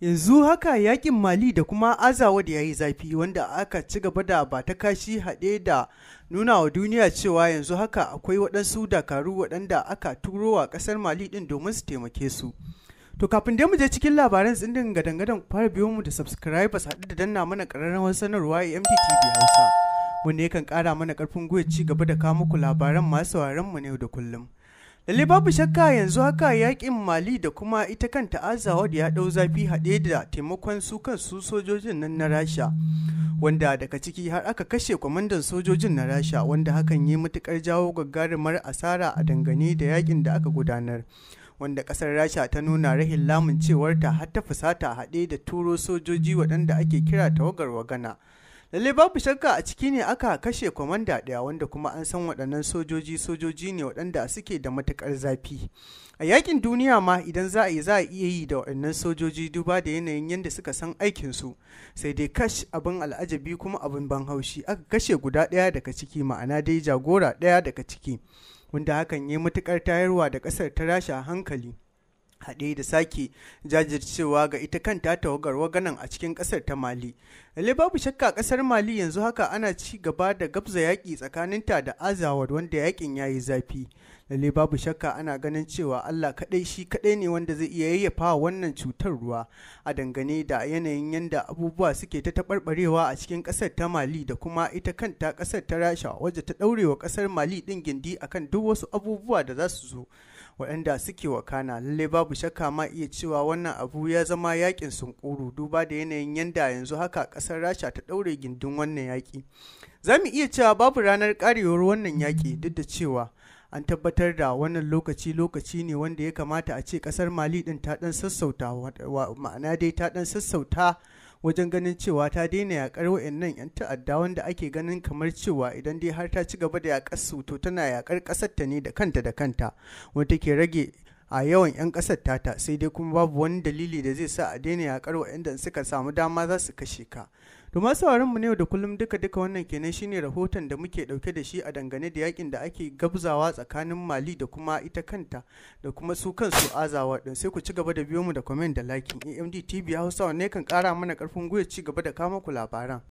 yanzu haka yakin mali da kuma azawa da ya yi zafi wanda aka ci gaba da ba ta kashi haɗe da nuna wa duniya cewa yanzu haka akwai waɗansu dakaru waɗanda aka turo wa ƙasar mali ɗin domin su taimake su to kafin dai mu je cikin labaran tsindin dangadan fara biyo mu da subscribers haɗu da danna mana ƙararrawar sanarwa a mttv hausa wanda kan ƙara mana ƙarfin gwiwa ci gaba da kawo muku labaran masu sauraron mu yau da kullum Lalle babu shakka yanzu haka yakin Mali da kuma ita kanta Azawa da ya ɗau zafi haɗe da taimakon su kansu sojojin nan na Rasha. Wanda daga ciki har aka kashe kwamandan sojojin na Rasha wanda hakan yi matukar jawo gagarumar asara a dangane da yakin da aka gudanar. wanda kasar rasha ta nuna rahin lamun cewarta har ta fusata haɗe da turo sojoji waɗanda ake kira tawagar wagana lalle babu shakka a ciki ne aka kashe kwamanda ɗaya wanda kuma an san waɗannan sojoji sojoji ne waɗanda suke da matuƙar zafi a yakin duniya ma idan za a za a iya yi da waɗannan sojoji duba da yanayin yadda suka san aikinsu sai dai kash abin al'ajabi kuma abin ban haushi aka kashe guda ɗaya daga ciki ma'ana dai jagora ɗaya daga ciki wanda hakan ya yi matuƙar tayarwa da ƙasar ta rasha hankali haɗe da sake jajircewa ga ita kanta tawagar waganan a cikin ƙasar ta mali lalle babu shakka ƙasar mali yanzu haka ana ci gaba da gabza yaƙi tsakaninta da azawar wanda yaƙin ya yi zafi lalle babu shakka ana ganin cewa allah kaɗai shi kaɗai ne wanda zai iya yayyafa wannan cutar ruwa a dangane da yanayin yadda abubuwa suke ta taɓarɓarewa a cikin ƙasar ta mali da kuma ita kanta ƙasar ta rasha wadda ta ɗaurewa ƙasar mali ɗin gindi akan duk wasu abubuwa da za su zo waɗanda suke wakana lalle babu shakka ma iya cewa wannan abu ya zama yakin sunkuru duba da yanayin yanda yanzu haka ƙasar rasha ta ɗaure gindin wannan yaƙi za mu iya cewa babu ranar ƙarewar wannan yaƙi duk da cewa an tabbatar da wannan lokaci lokaci ne wanda ya kamata a ce ƙasar mali ɗin ta ɗan sassauta ma'ana dai ta ɗan sassauta wajen ganin cewa ta daina yakar wa'annan 'yan ta'adda wanda ake ganin kamar cewa idan dai har ta ci gaba da yakar su to tana yakar ƙasar ta ne da kanta da kanta wanda ke rage a yawan 'yan ƙasar tata sai dai kuma babu wani dalili da zai sa a daina yakar waɗanda suka samu dama za su kashe ka domin sauraron mu ne da kullum duka duka wannan kenan shine rahoton da muke dauke da shi a dangane da yakin da ake gabzawa tsakanin mali da kuma ita kanta da kuma su kansu azawa din sai ku ci gaba da biyo mu da comment da liking amd tv hausa ne kan kara mana karfin gwiwa ci gaba da kama ku labaran